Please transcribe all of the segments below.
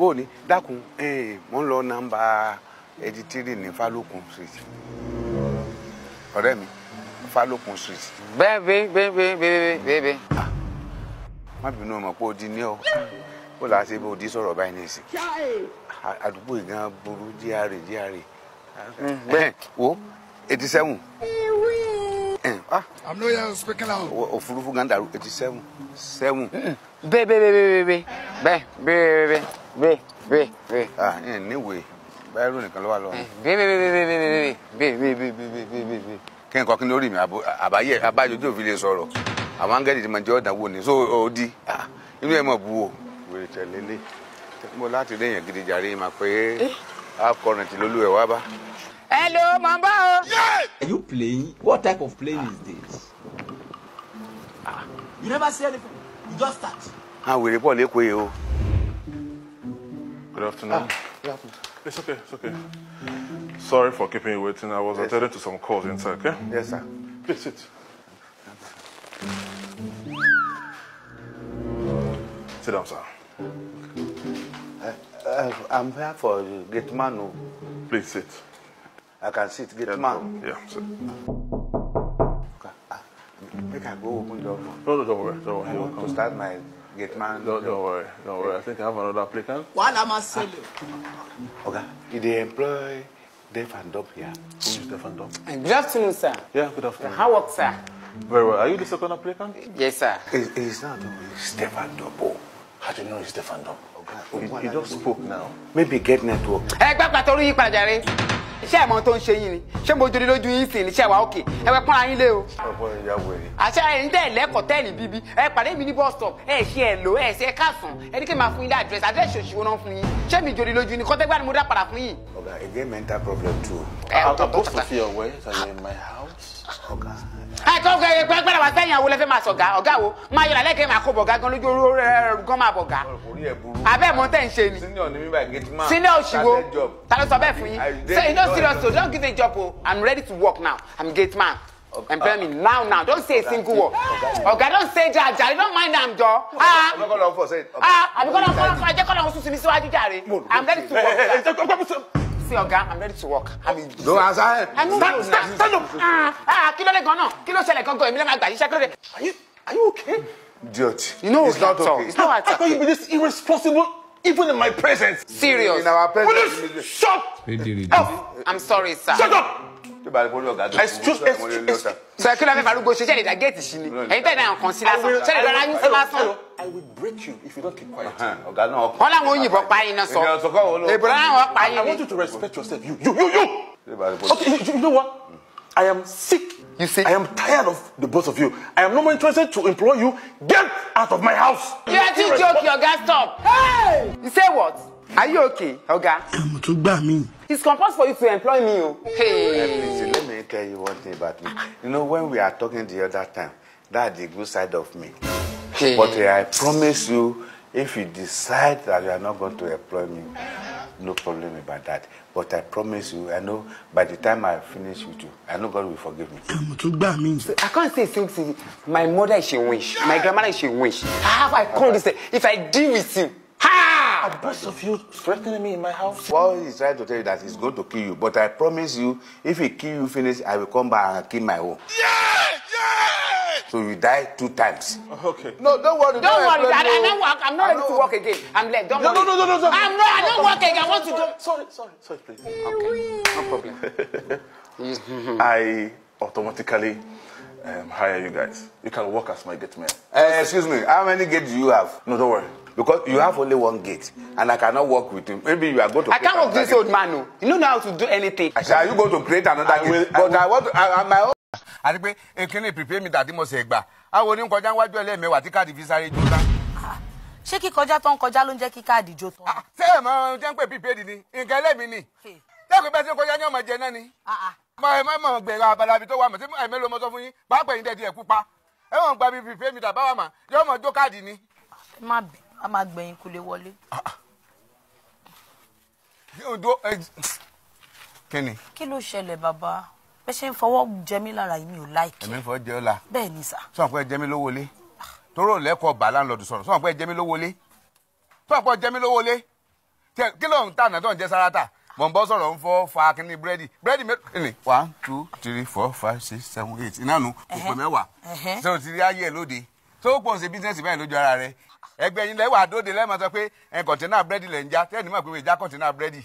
bóòní dákun mò ń lọ nọ́mbà eighty three ní Falokun street ọ̀rẹ́ mi Falokun street. bẹ́ẹ̀ bẹ́ẹ̀ bẹ́ẹ̀ bẹ́ẹ̀ bẹ́ẹ̀ bẹ́ẹ̀ bẹ́ẹ̀. má bínú ọmọ pé o di ní ọ ó là á ṣe bí o di sọ̀rọ̀ báyìí ní ìsìn àdúgbò ìgan burú gra gra bẹ́ẹ̀ wo eighty seven. Ah. I'm not here speaking now. Òfurufú gan dàrú eighty seven seven. Bẹ́ẹ̀ bẹ́ẹ̀ bẹ́ẹ̀ bẹ́ẹ̀ bẹ́ẹ̀ bẹ́ẹ̀ bẹ́ẹ̀ bẹ́ẹ̀. ah ẹ níwèé báyìí ròyìn kan ló wà lọ. bẹ́ẹ̀ bẹ́ẹ̀ bẹ́ẹ̀ bẹ́ẹ̀ bẹ́ẹ̀ bẹ́ẹ̀ bẹ́ẹ̀ bẹ́ẹ̀ bẹ́ẹ̀ bẹ́ẹ̀ bẹ́ẹ̀ bẹ́ẹ̀. kí n kọ́ kí n lórí mi àbáyé àbájọ tí òfin lè sọ̀rọ̀ àwọn áńgẹ́lì ti máa jẹ́ ọ̀dà wo ni so òdi inú ẹ̀ mọ̀ bu o. wèrè tẹ̀lélé mo láti rí èèyàn gidi jàre mà pé akọrin ti lólú ẹ̀ wá bá. hello mọ̀ bá o. are you playing what type of playing is this. you never say anything you just start. àwọn wèrè pọ̀ lẹ́kọ̀ọ́ yìí o. Good afternoon. Ah, good afternoon. It's okay, it's okay. Sorry for keeping you waiting. I was yes, attending sir. to some calls inside, okay? Yes, sir. Please sit. Sit down, sir. Uh, uh, I'm here for gate man. Oh. Please sit. I can sit gate man. Yeah, sit. Okay. Ah, make I go open door. No, no, don't worry. Don't worry. I want to start my gate man. Don't, don't worry, don't worry. I think I have another applicant. Wàhálà máa ṣẹlẹ̀. Oga, Okay. The employee, Def and Dub here. Who is Def and Dub? Eh, good afternoon, sir. Yeah, good afternoon. How work, sir? Very well. Are you the second applicant? Yes, sir. It's, it's not Stefan Dobo. Oh. How do you know it's Stefan Okay. You, you just spoke now. Maybe get network. Ẹ eh, gbàgbà torí yípadà jàre iṣẹ́ ìmọ̀ tó ń ṣe yín ni ṣé mo jòlè lójú yín sìn ní iṣẹ́ wa òkè ẹ wẹ́ pọ́nra yín lé o. àṣà ẹ̀ ń tẹ̀ lẹ́kọ̀ọ́ tẹ́ẹ̀lì bíbí ẹ pàdé mi ní bus stop ẹ ṣe ẹ lò ẹ ṣe ẹ káàsán ẹ ní kí n máa fún yín ní àdírẹ́sì àdírẹ́sì òṣìwò náà fún yín ṣé mi jòlè lójú ni kọ́tẹ́gbà ni mo dá padà fún yín. ọ̀gá ẹ̀gẹ́ mental problem too. I, I, I, I, ọ̀gá. àìkọ́ ọ̀gá ẹ̀gbẹ́ gbọ́dọ̀ wá sẹ́yìn àwọn olẹ́fẹ́ máa sọ̀gá ọ̀gá wo máa yọ̀ lálẹ́ kẹ́ máa kó bọ̀gá gan lójú oró rẹ̀ gan máa bọ̀gá. abẹ́ mo tẹ̀ ń ṣe ni. senior ni mi by gate man. senior òṣìwò ta ló sọ bẹ́ẹ̀ fún yín. say you no serious o don't give a job o oh. i'm ready to work now i'm gate man. employ me now now don't say a single word. ọ̀gá don say jaja you don't mind am jọ. ah àbíkọ́lọ́ fọ́ àjẹkọ́lọ́ fún mi síwájú jàre i'm ready to work. say ọ̀gá i'm ready to work. no answer ẹ. stand stand stand up. kí ló dé gan náà kí ló ṣẹlẹ̀ gangan èmi lè máa gbà ṣiṣẹ́ kí ló are you okay. idiot you know it's not okay. it's not at how can you be this irresponsible even in my presence. serious. in our presence. shut up. i'm sorry sir. shut up tó bá rí fórí ọ̀gá tó kú ó lè lọ́ta. sọ kí ló fẹ́ farúgbó ṣe ṣẹlẹ̀ dàgẹ́ẹ̀tì sí ni ẹ̀yin tẹ̀lé àwọn kan sí lásán ṣẹlẹ̀ lọ́la yín sí lásán. I will break you if you don't keep quiet. ọ̀gá náà ọkọ. wọ́n láwọn òyìnbó pa iná sọ èbúrò láwọn pa iná. I want you to respect yourself you you you you. okay you, know what I am sick. You see, I am tired of the both of you. I am no more interested to employ you. Get out of my house. You are too joking, your guy. Stop. Hey! You say what? Are you okay, Oga? I'm too bad, me. It's compulsory for you to employ me, oh. Hey. Please, let me tell you one thing about me. Ah. You know, when we are talking the other time, that's the good side of me. Hey. But uh, I promise you, if you decide that you are not going to employ me, no problem about that. But I promise you, I know by the time I finish with you, I know God will forgive me. I'm too bad, me. I can't say things. My mother is a wish. My grandmother is a wish. How have I to say If I deal with you, ha! Ah, the best of you threatening me in my house. Well, he's trying to tell you that he's going to kill you, but I promise you, if he kill you finish, I will come back and kill my own. Yeah! Yeah! So you die two times. Okay. No, don't worry. Don't, don't worry. I, I, don't work. I'm not I ready to work again. I'm late. Don't no, worry. No, no, no, no, no. I'm not. I don't work again. I want to go. Sorry, sorry, sorry, please. Okay. No problem. I automatically um, hire you guys. You can work as my gate man. Uh, excuse me. How many gates do you have? No, don't worry. because you have only one gate and I cannot work with him. Maybe you are going to. I can't work with this old man. No, he don't know how to do anything. I say, are you going to create another I gate? Will, but I, will. I want to, I, my own. àti pé ekele prepare mi tàbí mo ṣe gbà àwọn oníkọjá wájú ẹlẹ́mẹ̀wá tí káàdì fi sáré jó tán. Ah, ṣé kíkọjá tó ń kọjá ló ń jẹ́ kí káàdì jó tán. Ah, ṣé ẹ mọ jẹ́ ń pè prepared ni nǹkan ẹlẹ́mìí ni lẹ́kọ̀ọ́ bẹ́ẹ̀ ṣe kọjá ní ọmọ jẹ náà ni. Ah, ẹ má mọ̀ gbẹ̀rọ abalabi tó wà mọ̀ sí ẹ̀mẹ́lò mọ́tọ́ fún yín pàápàá yín dẹ̀ di ẹ̀kú pa ẹ mọ̀ gba mi prepare mi tàbá wà mà yọ ọmọ jó káàdì ni. má bẹ̀ẹ́ a máa gbẹ̀yìn kú lè wọlé. Ah, ah. kí ni. ló ṣẹlẹ̀ bàbá bẹ́ẹ̀ ṣe ń fọwọ́ jẹ lára yìí mi ò láìkí. èmi ń fọwọ́ jẹ ọ́ la. bẹ́ẹ̀ ni sà. sọ̀rọ̀ pé ẹ jẹ mí lówó lé tóró lẹ́kọ̀ọ́ bá láńlọ́ọ̀dù sọ̀rọ̀ sọ̀rọ̀ pé ẹ jẹ mí lówó lé sọ̀rọ̀ pé ẹ jẹ mí lówó lé kí ló ń tà náà tó ń jẹ sárátà mọ̀ ń bọ́ sọ̀rọ̀ ń fọ́ fa kínní búrẹ́dì búrẹ́dì mẹ́rin one two three four five six seven eight iná nu òpè mẹ́wàá ṣé o ti rí ayé ẹ̀ lóde tó pọ̀ ṣe bísíǹsì báyìí lójú ara rẹ̀ ẹgbẹ́ yín lẹ́wọ̀ àdóde lẹ́ẹ̀ sọ pé ẹ̀ kọ̀ǹtínà búrẹ́dì lẹ̀ ń já tẹ́ẹ̀ ní mọ̀ pé ìjà kọ̀ǹtínà búrẹ́dì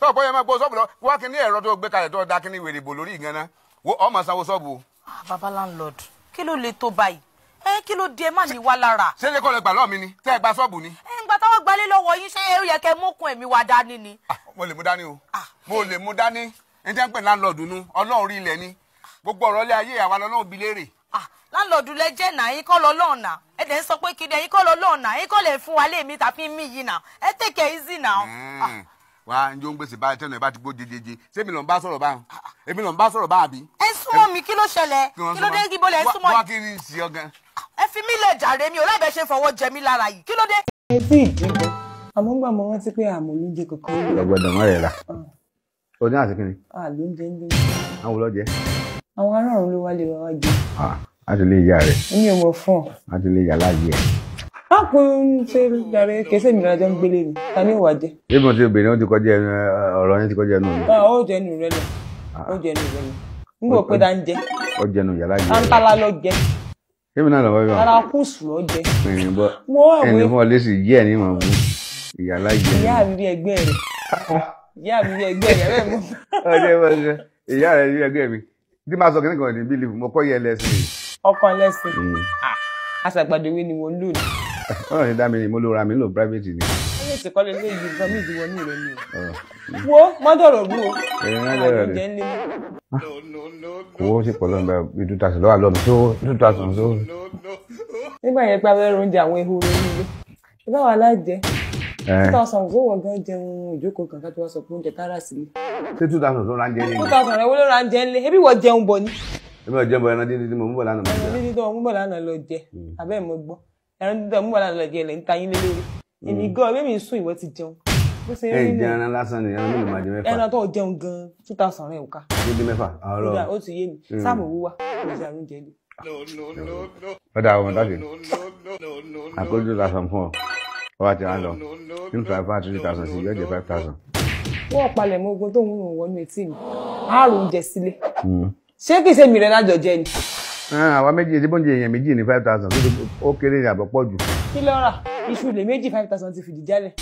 tó ọ̀pọ̀ yẹn máa gbọ́ sọ́ọ̀bù lọ wá kí ní ẹ̀rọ tó gbé kalẹ̀ tó da kí ní wèrè bò lórí ìgan náà ọmọ sanwó sọ́ọ̀bù. Ah, baba landlord kí ló lè tó báyìí ẹ kí ló di ẹ má ní wá lára. ṣé ilé kọ́ lè gbà lọ́ọ̀ mi ni tẹ́ ẹ gba ah, o ah, mo lè mú dání ní tẹ́ ń pè landlord nu ọlọ́run rí ilẹ̀ ni gbogbo ọ̀rọ̀ ilé dẹ̀ sọ pé kiri ẹ̀yin kọ́ lọ lóun náà ẹ̀yin kọ́ fún wa léèmí tàbí mí yìí náà ẹ tèkẹ́ easy náà. wà á ń ń gbèsè báyìí tẹ́lẹ̀ bá ti gbó jejeje ṣé mi lọ bá sọ̀rọ̀ báyìí èmi lọ bá sọ̀rọ̀ báyìí ẹ súnmọ́ mi kí ló ṣẹlẹ̀ kí ló dé ibo lẹ̀ ẹ súnmọ́. wá kí ni ìsì ọgán. ẹ fi mí lẹ̀ jàre mi ò láì ṣe fọwọ́ jẹ mí lára yìí kí ló dé. ẹ tí àmọ́ gbà mọ́ rántí pé àmọ́ olóúnjẹ kankan. lọ́gbọ̀dọ̀ adìlẹ ìyá rẹ. èmi ò mọ fún ọ. adìlẹ ìyá láàyè ẹ. bákan ṣe yàrá kẹsẹ mi lọjọ ń gbélé mi ta ni ìwà jẹ. ebi wọn ti obìnrin wọn ti kọjá ẹnu ọ̀rọ̀ yẹn ti kọjá ẹnu mi. Ah, ó jẹ ẹnu rẹ lọ ah. ó jẹ ẹnu rẹ lọ n bò pé dáa ń jẹ. ó jẹ ẹnu yàrá yẹn. tántàlá lọ jẹ. èmi náà lọ wá yọ. ara kùsù lọ jẹ. ẹni fún ọ lẹsìn yí ẹ ní ìmọ̀ fún ìyá láyé. ìyá mi rí ẹgbẹ́ rẹ̀ ìyá mi rí ẹgbẹ́ rẹ̀ bẹ́ẹ̀ mú. ọjọ́ ìwọ ṣe ìyá rẹ̀ rí ẹgbẹ́ mi tí máa sọ kíní kan ní bílíìfù mo kọ́ yẹ lẹ́sìn ọkọ ẹlẹ́sìn mm. ah, aṣàgbàdéwé ni wọ́n lò ní. ọ̀rọ̀ ni dámi ni mo ló ra mi lò private ni. ó lè ṣèkọ́ lé léyìí gan mi ìdíwọ́ ní ìrẹ́ ni o. Mm. wo mọ́dọ̀rọ̀ rú o. ẹ̀yin náà lẹ́rọ̀ rẹ̀ ah, owó ṣe pọ̀ lọ́nà bíi two thousand lọ́wọ́ lọ́mọ tó two thousand tó. nígbà yẹn pé abẹ́rẹ́ oúnjẹ àwọn ehoro nílé ìbá wa lájẹ two thousand kó wọ̀ gan jẹun ìjókòó kan kájú wá sọ pé oúnjẹ kára sílé. ṣé two thousand ló ra ń jẹ nílé. two thousand rẹ̀ wọ́n ló ra ń jẹ nílé ebi wọ́n jẹun bọ̀ ni èmi ò jẹ́ bọ̀ ẹran dídí tí mo mú bọ̀ lánàá. ẹran dídí tí mo mú bọ̀ lánàá lọ jẹ hmm. abẹ́ mo gbọ́ ẹran dídí tí mo mú bọ̀ lánàá lọ jẹ ilẹ̀ ń ta yín lélẹ́rẹ́ hmm. èmi gan ọ̀rẹ́ mi sùn ìwọ ti jẹun. ẹ jẹ ẹran lásán ni ẹran mélòó máa jẹ mẹ́fà. ẹran tó jẹun gan two thousand rẹ̀ ò ká. dídí mẹ́fà ọ̀rọ̀ ó ti yé mi hmm. sáàmù owó wa kò sí àrùn jẹ lé. ọ̀dà àwọn ọ̀dàdì àkójọ lásán fún ọ ọ àti àlọ nínú five thousand three thousand sí yóò jẹ five thousand. wọ́n palẹ̀mọ́ ogun tó ń wọnú etí mi àrùn jẹ sílé ṣé kìí ṣe mìíràn lájọ jẹ ni. Ah, àwa méjì ṣé bóńjẹ èèyàn méjì ní five thousand ó kéré ní àbọ̀ pọ̀ jù. kí ló rà iṣu lè méjì five thousand ti fìdí jálẹ̀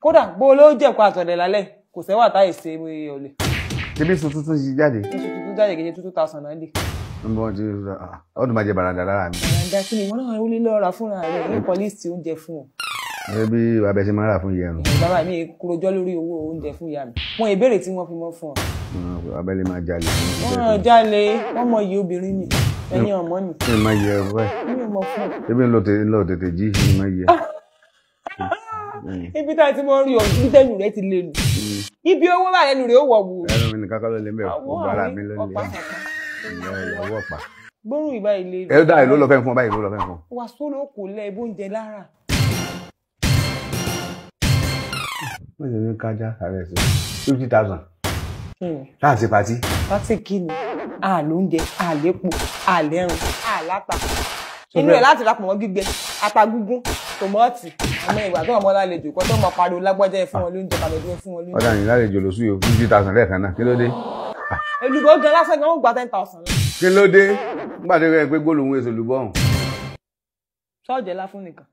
kódà bó ló jẹ̀kọ́ àtọ̀dẹ̀ lálẹ́ kò sẹ́wà táyì ṣe é ọ̀lẹ̀. ṣebí iṣu tuntun ti jáde. iṣu tuntun jáde kìí ṣe two thousand náà lè nbọ ti ọdún máa jẹ bàràǹdà lára mi. bàràǹdà kí ni wọn náà wọlé lọ́ra fúnra rà fún ìyẹn. bàbá mi kúrojọ́ abẹ́lé máa jalè. wọ́n á jalè wọ́n mọ iye obìnrin ni ẹ̀yin ọmọ ni. mi máa yẹ ọ báyìí. ebi ń lọ tètè jí mi máa yẹ. ibi tá a ti mọ rí ọ ibi tẹ́lu rẹ ti lè lù. ibi owó bá lẹ́nu rẹ ó wọ̀ wù. ẹnu mi nìkan kọ́ ló lé mẹ́rin ó bára mi ló lé ìyàwó ọ̀pá. gbórùn ìbá ilé rẹ. ẹ dáa ìlú lọ fẹ́ fún ọ báyìí ìlú lọ fẹ́ fún ọ. wàásù ló kò lẹ ebó ń jẹ lára. wọ́n ti ní kájá àrẹ̀ sí fifty thousand láà hmm. ṣe patí. patí kí ni àlóúnjẹ àlépo àlẹ́rùn àlápà inú ẹ̀ láti rapọ̀ mọ́ gbígbẹ ata gúngún tòmọ́ọ̀tì àmọ́ ìwà tó ọmọ lálejò kọ́ tó mọ pariwo lágbọ́jẹ́ fún wọn lóúnjẹ bàbẹ̀dúró fún wọn lóúnjẹ. ọ̀dà yìí lálejò lóṣù yóò fún two thousand lẹ́ẹ̀kan náà kí ló dé. olùkọ́ gan lásán gan ó gba ten thousand. kí ló dé nígbà tó yẹ pé góòlù òun èso olùbọ̀ ọ̀hún. sọ́ọ̀jẹ̀ lá fún nìkan.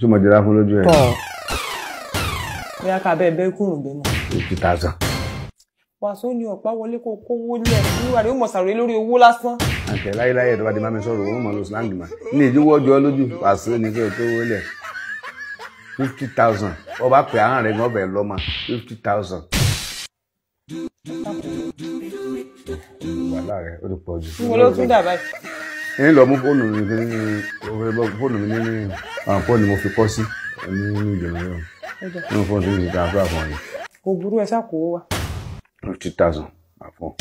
sọ́ọ̀jẹ̀ lá fún lójú ẹ̀. bóyá ká bẹ́ẹ̀ bẹ́ẹ̀ kúrò gbé náà. two thousand wàásù ni ọ̀pá wọlé kó kówó lẹ̀ níwà rẹ̀ ó mọ̀ sàrò lórí owó lásán. àtẹ láyéláyé tó bá ti bá mi sọ̀rọ̀ òun mọ̀ lọ slang ma ní ìdíwọ́ ọjọ́ lójú wàásù ni kí o tó wó lẹ̀ fifty thousand ọba pè àwọn rẹ̀ ní ọbẹ̀ lọ́mọ fifty thousand. wàhálà rẹ o ti pọ̀ jù. mo ló tún dà báyìí. ń lọ mú fóònù mi ní fóònù mi ní fóònù mo fi kọ́ sí ní ìjọba yẹn. ó fóònù mi ní ìjọba fún ọ fifty thousand àfọ.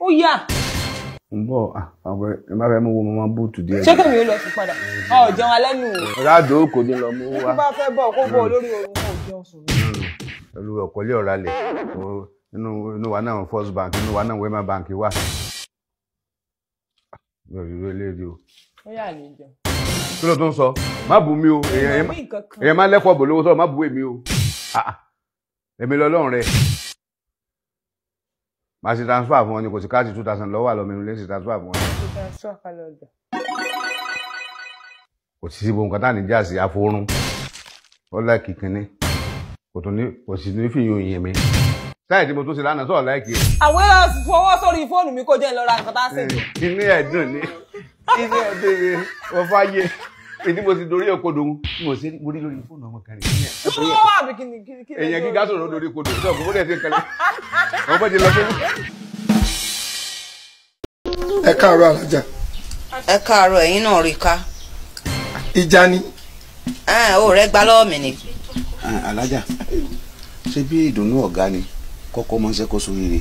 ó yà. n bọ àwọn ẹ má fẹ́ mú wo mama búùtù díẹ̀. ṣé kèmí ó lọ sí padà ọ jẹun alẹ́ nù. rádò kò ní lọ mú wa. bí bá fẹ́ bọ̀ kó bọ̀ lórí oorun náà jẹun sùn. olú ọ̀pọ̀lẹ́ ọ̀rá lẹ̀ inú inú wa náà first bank inú wa náà wema bank wà. mi ò rí rí eléyìí o. ó yà lè jẹun. kí ló tún sọ má bù mí o èèyàn má lẹ́kọ̀ọ́ bò lówó sọ má bù èmi o ah, ah. èmi lọ́lọ́run rẹ̀ máa ṣe transfer fún wọn ni kò sí káàtì two thousand lọ́wọ́ àlọ́ mi nílé ṣe transfer fún wọn. ṣe transfer kalẹ̀ ọjà. kò sí síbo nǹkan tá à ní jà àforún ó láìkì kínní kò tún ní kò sì ní fi yún yẹn mi. táyì tí mo tún ṣe lánàá sọ̀rọ̀ láìkì. àwọn ẹ̀rọ fọwọ́ sórí fóònù mi kó jẹ́ ìlọra nǹkan tá a ṣe. Eh, inú ẹ̀ dùn ni inú ẹ̀ ni mo fáyé ìdí mo ti dorí ẹ̀ kodò ń mo ṣe mo rí lórí fóònù ọmọ kan rẹ̀. yóò wá àbí kí ni kí ni. èèyàn gíga sọ̀rọ̀ dorí kodò sọ̀rọ̀ kò fọ́dẹ̀ ṣe kẹlẹ́ àwọn bọ́dẹ lọ sẹ́yìn. ẹ káàárọ̀ alájà. ẹ káàárọ̀ ẹ̀yin náà rí ká. ìjà ni. ó rẹ gbá lọ́wọ́ mi ni. Ah, alájà ṣé bí ìdùnnú ọ̀gá ni kọ́kọ́ mọ́ ṣẹ́kọ́ sóríire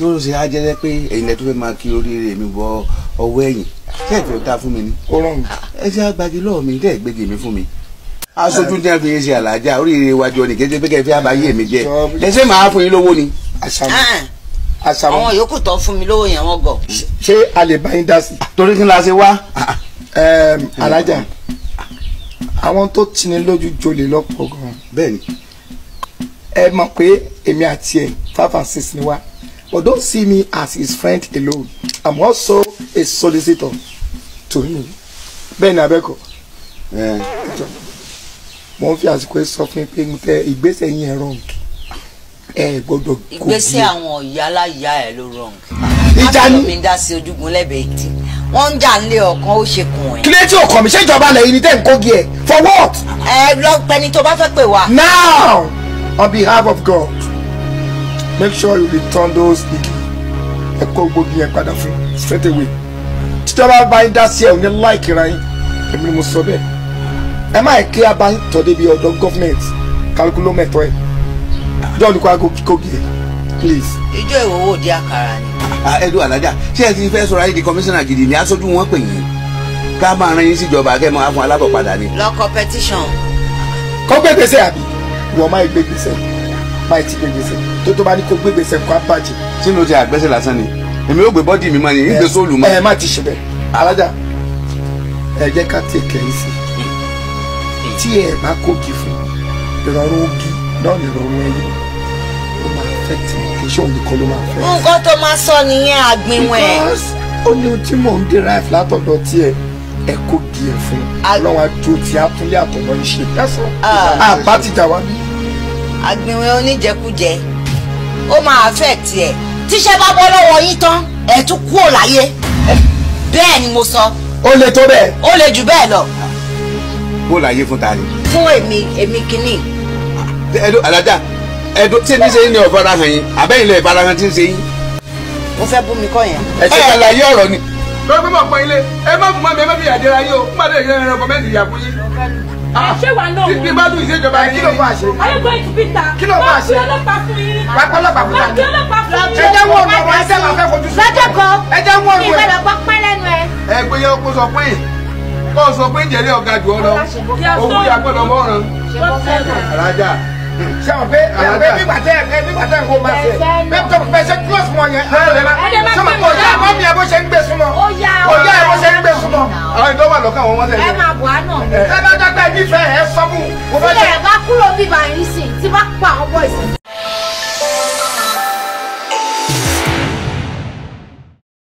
yóò ṣe á pé ẹ̀yin lẹ́tọ́ fẹ́ máa kí oríire mi bọ ọwọ́ ẹ̀yìn ṣé ẹ fẹ́ dá fún mi ni. ó rọrùn. ẹ ṣe àgbàjì lọ́ọ̀ mi dẹ́ gbégi mi fún mi. aṣojú ní àfihàn ṣe àlàjá oríire iwájú ọ̀nì kété pé kẹfẹ́ àbáyé mi jẹ ẹ ṣe máa fún yín lówó ni. àṣàmù ah, ah. àwọn yòókù tó fún mi lówó yẹn wọ́n gọ̀. ṣé a lè bá yín dá sí. torí kí n la ṣe wá. alájà àwọn tó tini lójú jolè lọ́pọ̀ gan bẹ́ẹ̀ni. ẹ mọ̀ pé èmi àti ẹ̀ five and six ni wá but don't see me as his friend alone i'm also a solicitor to him bẹ́ẹ̀ ni abẹ́kọ̀ mo ń fi àsìkò ẹ sọ fún mi pé mo tẹ ìgbésẹ̀ yín ẹ wrong ẹ gbọ́dọ̀ kò yé ìgbésẹ̀ àwọn ìyá aláya ẹ ló wrong ìjà ni mi ń dá sí ojúgun lẹ́bẹ̀ẹ́ ìdí wọ́n ń jà nílé ọkàn ó ṣe kùn ẹ̀. kílẹ̀ tí o kọ̀ mí ṣé ìjọba lẹ̀ yìí ni tẹ́ ń kógi ẹ̀ for what. ẹ lọ pẹni tó bá fẹ́ pè wá. now on behalf of God make sure you return those igi ẹ kó gbogbo yẹn padà fún straight away tọ́ba bá yín dá sí ẹ̀ ò ní láìkì ra yín èmi ni mo sọ bẹ́ẹ̀ ẹ má yẹ kí a bá tọ́ débi ọ̀dọ̀ gọ́fìnẹ̀tì kálukú ẹ̀ jọ́ọ̀lù kó aago kó gé please. ìjọ ìwòwò di àkàrà ni. ẹdùn ah, ah, alájà ṣé ẹ ti fẹ́ sọ̀rọ̀ ayé di kọmíṣánná gidi ni aṣojú wọn pè yín ká máa ran yín síjọba kẹ́ máa fún alábọ̀ padà ni. lọ competition. kọ́ gbẹ́gbẹ́sẹ̀ àbí wọ́n máa gbẹ́gbẹ́sẹ̀ máa ti gbẹ́gbẹ́sẹ̀ tó tó bá ní kó gbẹ́gbẹ́sẹ̀ kó á bàjẹ́. sínú ti àgbẹ̀sẹ̀ lásán ni èmi yóò gbé bọ́dì mi mọ́ ni ìgbé sóòlù mọ́. ẹ má ti ṣe bẹ́ẹ̀ alájà ẹ jẹ́ ká tẹ̀ kẹ́yìn sí i hmm. tí ẹ bá kókì fún ìrọ̀rùn ogi náà ìrọ̀rùn ẹ̀yìn ó máa fẹ́ tì í kí sóòlù kan ló máa fẹ́. nǹkan tó máa sọ nìyẹn àgbìnwẹ̀. because ó ní ohun tí mò ń derive látọ̀dọ̀ tiẹ̀ ẹ kó di ẹ fún ọlọ́run adúró tí a tún lé àtọ̀mọ́ ní ṣe dáṣọ àbá ah. ti dà wá bí. àgbìnwẹ̀ oníjẹkújẹ ó máa affect ẹ tíṣẹ́ bá bọ́ lọ́wọ́ yín tán ẹ̀ tún kúrò láyé bẹ́ẹ̀ ni mo sọ. ó le tó bẹ́ẹ̀. ó le jù bẹ́ẹ̀ lọ. kúrò láyé fún ta ni. fún èmi èmi kìíní. ẹdọ alaja, ẹdọ tí ní ṣe ní ọ̀fara hàn yín àbẹ́yìn lẹ̀ ìfara hàn tí ń ṣe yín. mo fẹ́ bú mi kọ́ yẹn. ẹ ṣe kàlàyé ọ̀rọ̀ ni. lọ́gbọ́n mọ̀ pọ́n ilé ẹ má fún mọ́ mi ẹ má fi yàdé yín o kúmọ̀dé ìyẹn rẹ̀ rẹ̀ kọ́mẹ́ntì ìyàwó yín. Ah. ṣé wà náà wò. bí bá dùn ìṣèjọba yìí kí ló máa ṣe. ayé gbọ́ ètò peter. kí ló máa ṣe. ọlọ́pàá fún yín. pápá ọlọ́pàá fún yín. ọlọ́pàá fún yín. ẹ jẹ́ wọ́n ọ̀nà fojú sí. lọ́jọ́ kan ẹ jẹ́ wọ́n ọ̀nà ìgbàlọ́ gbọ́ pẹ́ lẹ́nu ẹ. ẹ pé yẹ kó sọ pé kó sọ pé jẹ̀rí ọ̀gá jù ọ lọ owó yà pẹ́ lọ́mọ́ràn. alájà sẹ́wọ̀n pé àwọn ẹgbẹ́ bí gbàtẹ́ ẹ máa bọ̀ á nà. ẹ bá dọ́gba ẹ nífẹ̀ẹ́ ẹ sọ́kù. ilé ẹ̀ bá kúrò bíbá yìí sìn tí bá pa àwọn bọ́ọ̀sì.